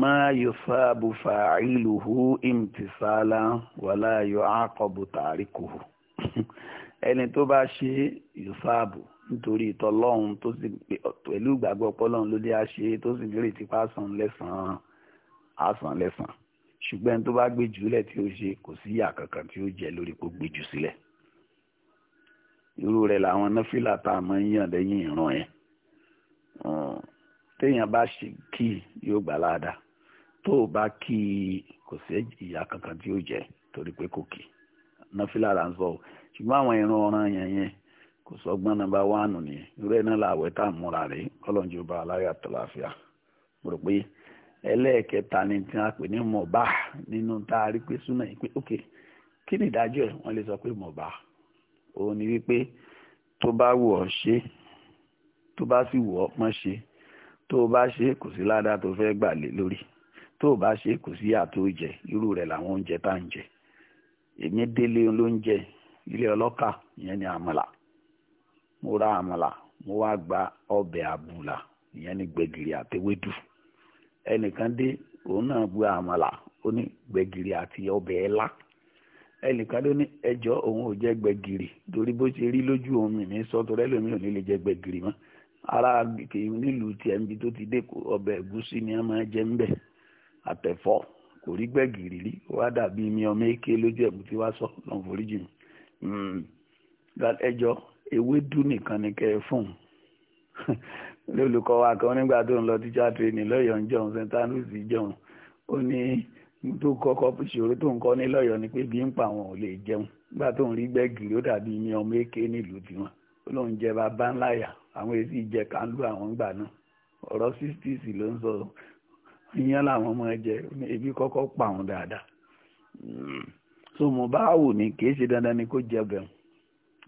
má yusabu fa'iluhu imtisala wala yu'aqabu tarikuhu ẹni tó bá ṣe yusabu nítorí ìtọ́lọ́hún tó sì pẹ̀lú ìgbàgbọ́ ọpọlọ́hún ló dé á ṣe tó sì nírètí pa àsàn lẹ́sàn-án àsàn lẹ́sàn-án ṣùgbọ́n ẹni tó bá gbé jùlẹ̀ tí ó ṣe kò sí ìyà kankan tí ó jẹ lórí kó gbé jù sílẹ̀ irú rẹ̀ làwọn náfìlà tá a máa ń yàn lẹ́yìn ìran yẹn téèyàn bá ṣe kí yóò gbà láadáa tó o bá kí i kò sí ìyà kankan tí ó jẹ torí pé kò kí náfìlà là ń sọ ṣùgbọ́n àwọn ìran ọ̀ràn yẹn yẹn kò sọgbọ́n nàmbà wánù ni irú ẹ̀ la làwẹ̀ tá à ń múra rè ọlọ́njú bá aláyà tọ́láfíà mo rò pé ẹlẹ́ẹ̀kẹta ni tí a pè ní mọ̀bá nínú tá a rí pé súnà yìí pé ok kí ni ìdájọ́ ẹ̀ wọ́n lè sọ pé mọ̀bá òun ni wípé tó bá wù ọ́ ṣe tó bá sì wù ọ́ pọ́n ṣe tó bá ṣe kò sí ládàá tó fẹ́ gbà lé lórí tó bá ṣe kò sí àtó jẹ irú rẹ̀ làwọn oúnjẹ tá à ń jẹ èmi délé olóúnjẹ ilé ọlọ́kà ìyẹn ni àmàlà mo amala mo wa gba ọbẹ àbùlà ìyẹn ní gbẹgiri àtewédú ẹnìkan dé òun náà gba amala ó ní gbẹgiri àti ọbẹ̀ ẹ̀là ẹnìkan ló ní ẹjọ́ òun ò jẹ́ gbẹ̀gìrì torí bó ṣe rí lójú òun mi ní ò ní ara kìí nílùú ti dé ọbẹ̀ ẹ̀gúsí ni a máa jẹ ń kò rí rí wá dàbí mi sọ lọ́n ewédú nìkan ni kẹ́ ẹ fún un olùkọ́ wa kan nígbà tó ń lọ teacher training lọ́yọ̀ọ́ jọ̀hún st andrews jọ̀hún ó ní tó kọ́kọ́ ṣòro tó ń kọ́ ní lọ́yọ̀ọ́ ni pé bí ń pa àwọn ò lè jẹun nígbà tó ń rí gbẹ́gìrì ó dàbí mi ọmọ èké nílùú tiwọn ó lóun jẹ bàbá ńláyà àwọn èsì ìjẹ kánlú àwọn gbà náà ọ̀rọ̀ sixties ló ń sọ ìyẹn làwọn ọmọ ẹ jẹ ebi kọ́kọ́ pa àwọn dáadáa hmm. so mo bá wò ní kì í ṣe dandan ni kó jẹ bẹ̀rù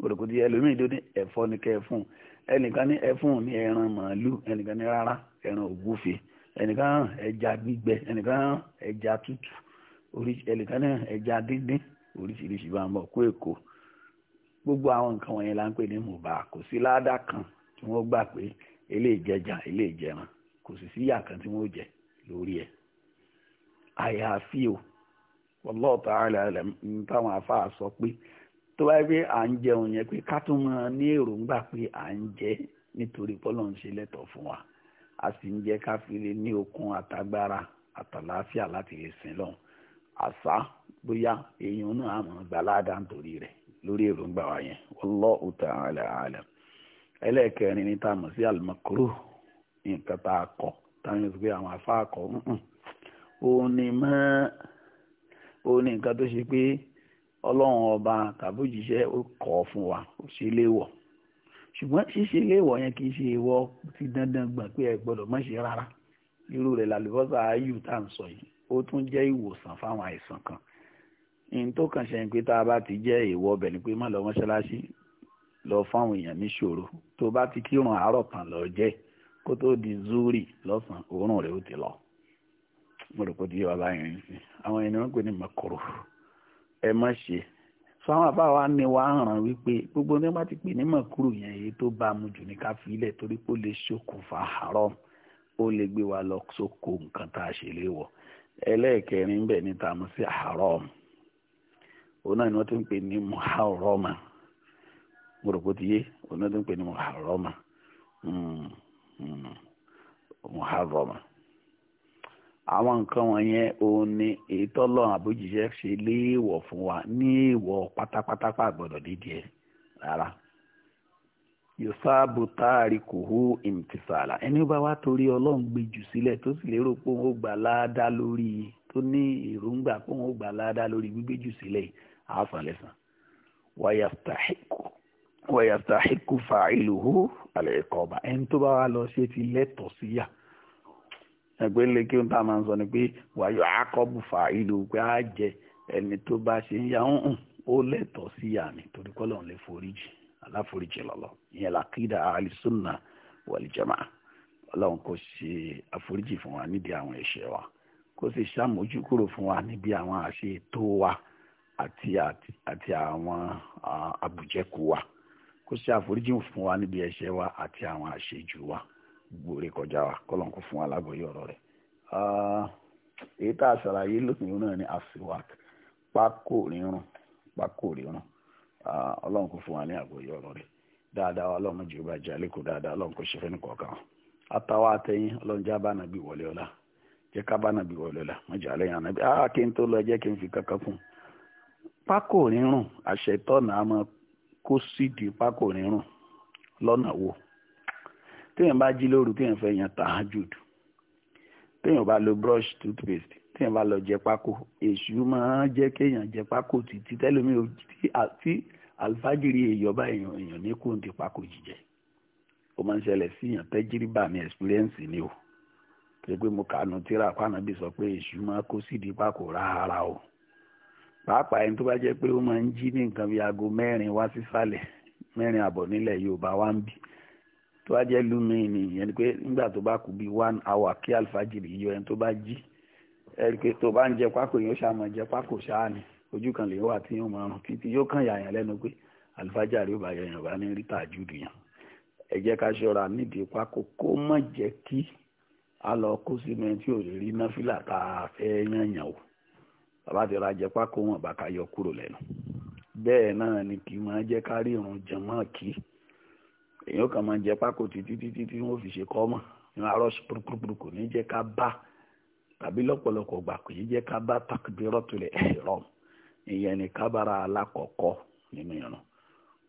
òròkòtì ẹlòmíì ló ní ẹ̀fọ́ ní kẹfún ẹnìkan ní ẹfún ní ẹran màálù ẹnìkan ní rárá ẹran ògúfe ẹnìkan hàn ẹja gbígbẹ ẹnìkan ẹja tútù ẹnìkan ẹja díndín oríṣiríṣi bá ń kó èkó gbogbo àwọn nǹkan wọ̀nyẹn la ń pè ní mùbá kò sí ládà kan tí wọn gbà pé eléyìí ijeja eléyìí ijeran kò sì síyà kan tí wọn jẹ lórí àyàfi o táwọn sọ pé tó wáyé pé à ń jẹun yẹn pé ká tún máa ní èròǹgbà pé à ń jẹ nítorí a sì ń jẹ ká fi lè ní okun àtagbára àtàláfíà láti lè sìn lọ́hùn àṣà bóyá èèyàn náà àmọ́ gbalada nítorí rẹ̀ lórí èròǹgbà yẹn wallahu ta'ala alam ẹlẹ́ẹ̀kẹrin ní tá a mọ̀ sí nǹkan tá a pé àwọn afá òun ọlọ́run ọba tàbójíṣẹ́ ó kọ̀ ọ́ fún wa ó ṣe léèwọ̀ ṣùgbọ́n ṣíṣe léèwọ̀ yẹn kì í ṣe èèwọ̀ ti dandan gbà pé ẹ gbọ́dọ̀ má ṣe rárá irú rẹ̀ làlùbọ́sà ayù tá à ń sọ yìí ó tún jẹ́ ìwòsàn fáwọn àìsàn kan ní tó kàn ṣe ń pé tá a bá ti jẹ́ èèwọ̀ ọbẹ̀ ni pé má lọ mọ́ṣáláṣí lọ fáwọn èèyàn níṣòro tó bá ti kírun àárọ̀ kan lọ jẹ́ kó tó di zuri lọ́sàn òórùn rẹ̀ ó ti lọ mo rò pé ó ti yé wa báyìí àwọn ènìyàn ń pè ní makoro ẹ má ṣe fáwọn àbá wa ni wà hàn wípé gbogbo ní wọ́n ti pè ní mọ̀kúrò yẹn èyí tó bá mu jù ní ká fi ilẹ̀ torí pé ó lè ṣokùnfà haram ó lè wa lọ sóko nǹkan tá a ṣe léwọ̀ ẹlẹ́ẹ̀kẹrin bẹ̀ ní tààmú sí haram òun náà ni wọ́n ti ń pè ní mo rò pé ó ti yé òun náà ti ń pè ní hmm, hmm, àwọn nǹkan wọ̀nyẹn òun ni ètò ọlọ́run àbójìṣẹ́ ṣe léèwọ̀ fún wa ní èèwọ̀ pátápátá pàgbọ́dọ̀ dídì ẹ̀ rárá yòsáàbù táàrí kò hó ìmìtìsàlà ẹni bá wá torí ọlọ́run gbé jù sílẹ̀ tó sì lérò pé òun ó gbà láàdá lórí tó ní èròǹgbà pé òun ó gbà láàdá lórí gbígbé jù sílẹ̀ àásàlẹ̀sàn wàyàtàhíkù fàáìlú hó àlẹ́ ẹ̀kọ́ ẹni tó bá wá lọ ṣe ti lẹ́tọ̀ọ́ síyà ẹgbẹ́ lè kí n ta máa ń sọ ni pé wàyọ̀ akọ́bù fàáìlú pé á jẹ ẹni tó bá ṣe ń ya ń ó lẹ́tọ̀ọ́ sí ìyá torí kọ́ lọ́n lè foríjì aláforíjì lọ́lọ́ ìyẹn làkídà alìsúnà wàlìjàmá ọlọ́run kò ṣe àforíjì fún wa níbi àwọn ẹ̀ṣẹ̀ wa kó sì ṣàmójú kúrò fún wa níbi àwọn àṣe ètò wa àti àti àwọn àbùjẹ́kù wa kó sì àforíjì fún wa níbi ẹ̀ṣẹ̀ wa àti àwọn àṣejù wa. gbori kọjá wa kọ́lọ́n fún wa lágbóyè ọ̀rọ̀ rẹ̀ ah, èyí tá a ṣàlàyé lópin náà ni asiwak pákó rírun pákó ah, fún wa ní àgbóyè ọ̀rọ̀ rẹ̀ dáadáa ọlọ́run jù bá jẹ́ dáadáa ọlọ́run kó ṣe fẹ́ ní kọ̀ọ̀kan ọlọ́run wọlé ọ̀la jẹ́ wọlé ọ̀la ànábì ah, kí n tó lọ kí n fi téèyàn bá jí lóru téèyàn fẹ́ yan tahajud téèyàn bá lo brush toothpaste téèyàn bá lọ jẹ pákó èṣù máa jẹ́ kéèyàn jẹ pákó títí tẹ́lómi tí alifájìrì èèyàn èèyàn èèyàn ní kó ti pákó jíjẹ ó máa ń ṣẹlẹ̀ síyàn tẹ́jìrìbà ní experience ni o pé pé mo kànú tíra pàánà bí sọ pé èṣù máa kó sídìí pákó rárá o pàápàá ẹni tó bá jẹ́ pé ó máa ń jí ní nǹkan bíi aago mẹ́rin wá sísàlẹ̀ mẹ́rin àbọ̀ nílẹ̀ Yorùbá wá ń bì tó bá jẹ́ lumi ni ìyẹn ni pé nígbà tó bá kù bíi one hour kí alfajiri yọ ẹni tó bá jí ẹni pé tó bá ń jẹ pákó yóò ṣàmọ̀ jẹ pákó ṣáà ni ojú kan lè wà tí yóò máa rùn títí yóò kàn yàyàn lẹ́nu pé alfajiri yóò bá yàyàn bá ní ríta jùlù yàn ẹ jẹ́ ká ṣọ́ra nídìí pákó kó má jẹ́ kí a lọ kó sínú ẹni tí ò lè rí náfìlà tá a fẹ́ yànyàn o bàbá ti ra jẹ pákó wọn bá ká yọ kúrò lẹ́nu bẹ́ẹ̀ náà ni kì í máa jẹ́ ká rí ìrùn jẹ̀mọ́ kìí èyàn kan máa ń jẹ pákó títí títí tí wọ́n fi ṣe kọ́ mọ̀ nínú arọ́ṣù púrúkúrú kò ní jẹ́ ká bá tàbí lọ́pọ̀lọpọ̀ gbà kò ní jẹ́ ká bá takbiratul ihram ìyẹn ni kábàárà alákọ̀ọ́kọ́ nínú ìrun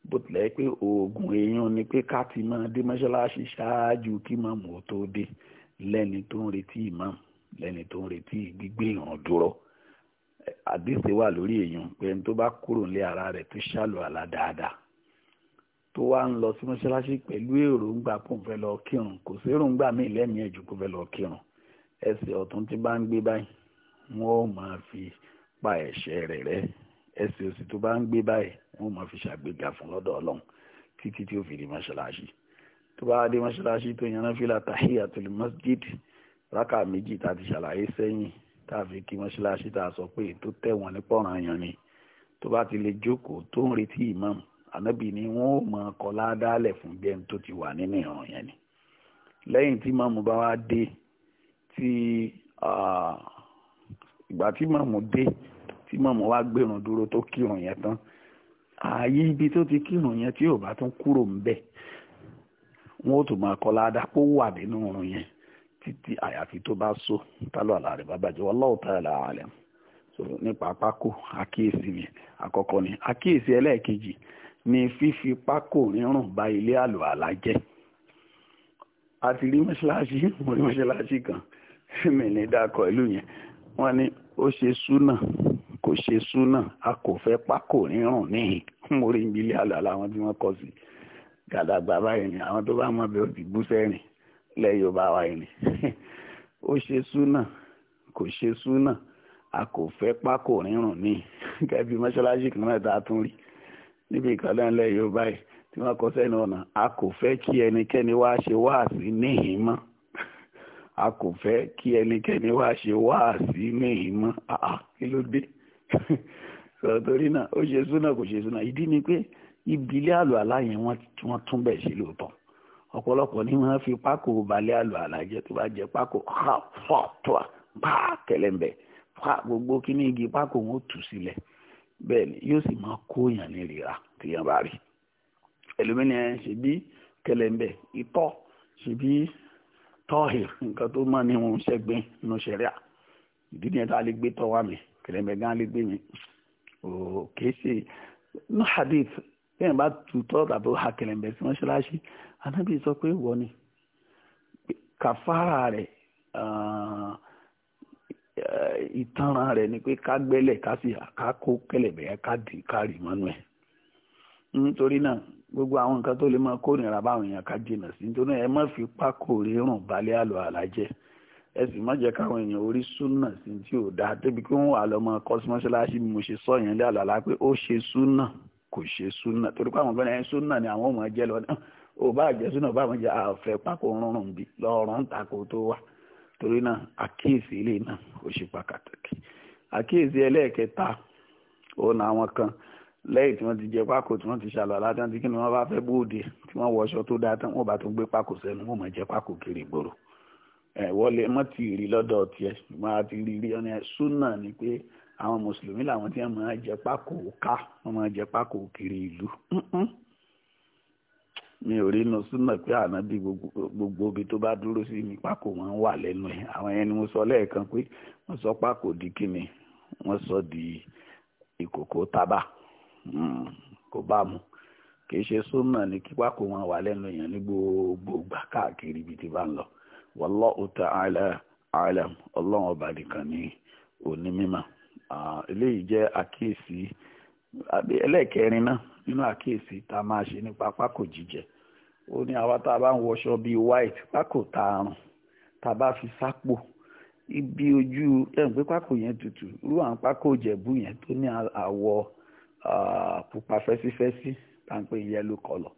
bó tilẹ̀ pé oògùn èèyàn ni pé ká ti máa dé mọ́ṣáláṣí ṣáájú kí mọ̀mù ó tó dé lẹ́ni tó ń retí imam lẹ́ni tó ń retí gbígbé ìrun dúró àdìsí wà lórí èèyàn pé ẹni tó bá kúrò nílé ara rẹ̀ tó ṣàlù àlá dáadáa tó wá ń lọ sí mọ́ṣáláṣí pẹ̀lú èròǹgbà kò fẹ́ lọ kírun kò sí èròǹgbà míì lẹ́mìí ẹ̀jú kò fẹ́ lọ kírun ẹsẹ̀ ọ̀tún tí bá ń gbé báyìí wọ́n ó máa fi pa ẹ̀ṣẹ̀ rẹ̀ rẹ́ ẹsẹ̀ òsì tó bá ń gbé báyìí wọ́n ó máa fi ṣàgbéga fún lọ́dọ̀ ọlọ́run títí tí ó fi di mọ́ṣáláṣí tó bá dé mọ́ṣáláṣí tó yan náfìlà tahiyatul rákà méjì tá a ti ànábì ni wọ́n ó mọ kọlá dálẹ̀ fún bí ẹni tó ti wà nínú ìran yẹn ni lẹ́yìn tí mọ̀mú bá wá dé tí ìgbà tí mọ̀mú dé tí mọ̀mú wá gbèrún dúró tó kírun yẹn tán ààyè ibi tó ti kírun yẹn tí ò bá tún kúrò ń bẹ̀ wọn ò tún máa kọlá dá wà nínú ìrun yẹn títí àyàfi tó bá so tálọ̀ àlà rẹ̀ bá bàjẹ́ wallahu ta'ala alam nípa pákó àkíyèsí mi àkọ́kọ́ ni àkíyèsí ẹlẹ́ẹ̀kejì ni fífi pákò rírùn ba ilé àlùhàlà jẹ́ a ti rí mọ́ṣáláṣí mo rí mọ́ṣáláṣí kan mi ní dákọ̀ ìlú yẹn wọ́n ní ó ṣe súnà kò ṣe súnà a kò fẹ́ pákò rírùn níhìn mo rí ilé àlùhàlà àwọn tí wọ́n kọ́ sí gàdàgbà báyìí ni àwọn tó bá mọ̀ bẹ́ẹ̀ o ti bú sẹ́rìn lẹ́yìn ọba wa yìí ni ó ṣe súnà kò ṣe súnà a kò fẹ́ pákò rírùn ní gẹ́gẹ́ bí kan náà tá a tún rí níbi ìkàlẹ́ ńlẹ̀ yorùbá yìí tí wọ́n kọ sẹ́nu ọ̀nà a kò fẹ́ kí ẹnikẹ́ni wá ṣe wáàsí níhìn mọ́ a kò fẹ́ kí ẹnikẹ́ni wá ṣe wáàsí níhìn mọ́ àà kí ló dé sọ̀rọ̀ torí náà ó ṣe súnà kò ṣe súnà ìdí ni pé ìbílẹ̀ àlọ́ aláyẹn wọ́n tún bẹ̀ ṣe lóòótọ́ ọ̀pọ̀lọpọ̀ ni wọ́n fi pákó balẹ̀ àlọ́ alájẹ tó bá jẹ pákó ha fọ́ tó a bá kẹlẹ́ńbẹ̀ gbogbo kíní igi pákó wọn ó tù sílẹ̀ bẹ́ẹ̀ ni yóò sì máa kó èèyàn ní ìlera téèyàn bá rí ẹlòmínì ẹ ṣe bí kẹlẹmbẹ ìtọ̀ ṣe bí tọhì nǹkan tó mọ ní wọn ṣẹgbin nínú ṣẹríà ìdí nìyẹn tá a lè gbé tọ wá mi kẹlẹmbẹ gan lè gbé mi òò kìí ṣe ní hadith bẹ́ẹ̀ bá tutọ́ tàbí ha kẹlẹmbẹ sí mọ́ṣáláṣí anábì sọ pé wọ́n ni kàfàrà rẹ̀ ẹ̀ẹ́ Eh, ìtanràn rẹ̀ ni pé ká gbẹ́lẹ̀ ká sì ká kó kẹlẹ̀bẹ̀ yẹn ká dì ká rì mọ́nú ẹ̀ nítorí náà gbogbo àwọn nǹkan tó lè máa kórìíra báwọn èèyàn ká jìnà sí nítorí ẹ má fi pákó rírùn balẹ̀ àlọ́ àlájẹ́ ẹ sì má jẹ́ káwọn èèyàn orí súnà sí tí ò dáa débi pé wọ́n wà lọ́mọ kọ́símọ́ṣáláṣí bí mo ṣe sọ yẹn lé àlọ́ àlá pé ó ṣe súnà kò ṣe súnà torí pé àwọn fẹ́ràn ẹ̀ súnà ni àwọn ò máa lọ náà ò bá jẹ́ súnà ò bá máa jẹ́ àfẹ́ pákó rúnrún bí lọ́ọ̀rún ta kó tó wà torí náà àkíyèsí ilé náà ó ṣe pàtàkì àkíyèsí ẹlẹ́ẹ̀kẹta òun náà àwọn kan lẹ́yìn tí wọ́n ti jẹ pákó tí wọ́n ti ṣàlọ́lá tí wọ́n ti kí ni wọ́n bá fẹ́ bóde tí wọ́n wọṣọ tó dáa tán wọ́n bá tún gbé pákó sẹ́nu wọ́n mọ̀ jẹ pákó kiri ìgboro ẹ̀ wọlé mọ́ ti rí lọ́dọ̀ tiẹ̀ ṣùgbọ́n a ti rí rí ọ̀nà súnà ni pé àwọn mùsùlùmí làwọn tí máa jẹ pákó ká wọ́n máa jẹ pákó kiri ìlú mi ò rí inú súnà pé àná bí gbogbo obi tó bá dúró sí ní pákó wọn wà lẹ́nu ẹ̀ àwọn ni mo sọ lẹ́ẹ̀kan pé wọ́n sọ pákó di kíni wọ́n sọ di ìkòkò tábà hmm, kò bá mu kì í ṣe súnà ní kí pákó wọn wà lẹ́nu èèyàn ní gbogbo ìgbà káàkiri ibi tí bá ń lọ wọ́n wallahu ta'ala alam ọlọ́run ọba nìkan ní òní mímọ́ ah, eléyìí jẹ́ àkíyèsí ẹlẹ́ẹ̀kẹrin náà nínú àkíyèsí tá a máa ṣe nípa pákò jíjẹ ó ní àwa tá a bá ń wọṣọ bíi white pákò tààrùn tá a bá fi sápò ibi ojú ẹ̀rùn pé pákò yẹn tutù irú àwọn pákò jẹ̀bú yẹn tó ní àwọ̀ pupa fẹ́sífẹ́sí tá à ń pè yellow color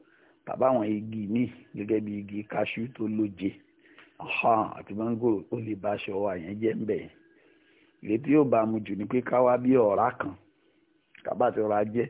tàbá àwọn igi míì gẹ́gẹ́ bí igi kaṣú tó lóje àti mángòrò ó lè bá aṣọ wa jẹ́ ń bẹ̀ yẹn ìrètí yóò bá mu jù ni pé ká wá bí ọ̀rá kan kàbá ọ̀rá jẹ́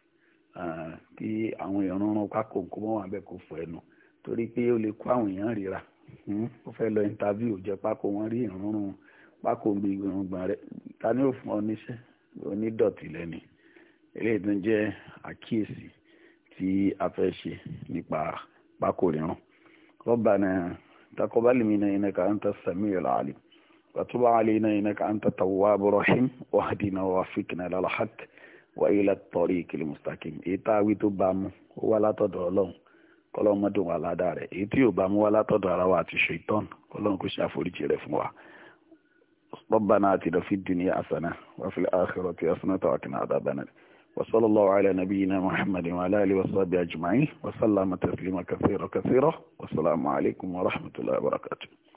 kí àwọn èèyàn rán kákò kó mọ́ wà bẹ́ẹ̀ kó fọ ẹnu torí pé ó lè kó àwọn èèyàn ríra hmm? ó fẹ́ lọ interview jẹ́ pákó wọn rí ìrúnrún pákó ń bi irùngbọ̀n rẹ̀ ta ni ó fún ọ níṣẹ́ onídọ̀tí lẹ́ni eléyìí tó ń jẹ́ àkíyèsí tí a fẹ́ ṣe nípa pákó rírun rọ́bànà takọ́bálì mi náà innaka anta samiul alim wa tub alayna innaka anta tawwabur rahim wahdina wa waffiqna lil haqq wa ila tariqil mustaqim èyí tá a wí tó bá mu ó wá látọ̀dọ̀ ọlọ́run kọlọ́mọdún wà ládàá rẹ̀ èyí tí yóò bá mu wá látọ̀dọ̀ ara wa àti ṣèitán kọlọ́run kò ṣàforíjì rẹ̀ fún wa. rabbana atina fid dunya hasana wa fil akhirati hasanatan wa qina adhaban nar wa sallallahu ala nabiyyina muhammadin wa ala alihi wa sahbihi ajma'in wa sallama taslima kathira kathira wa assalamu alaykum wa rahmatullahi wa barakatuh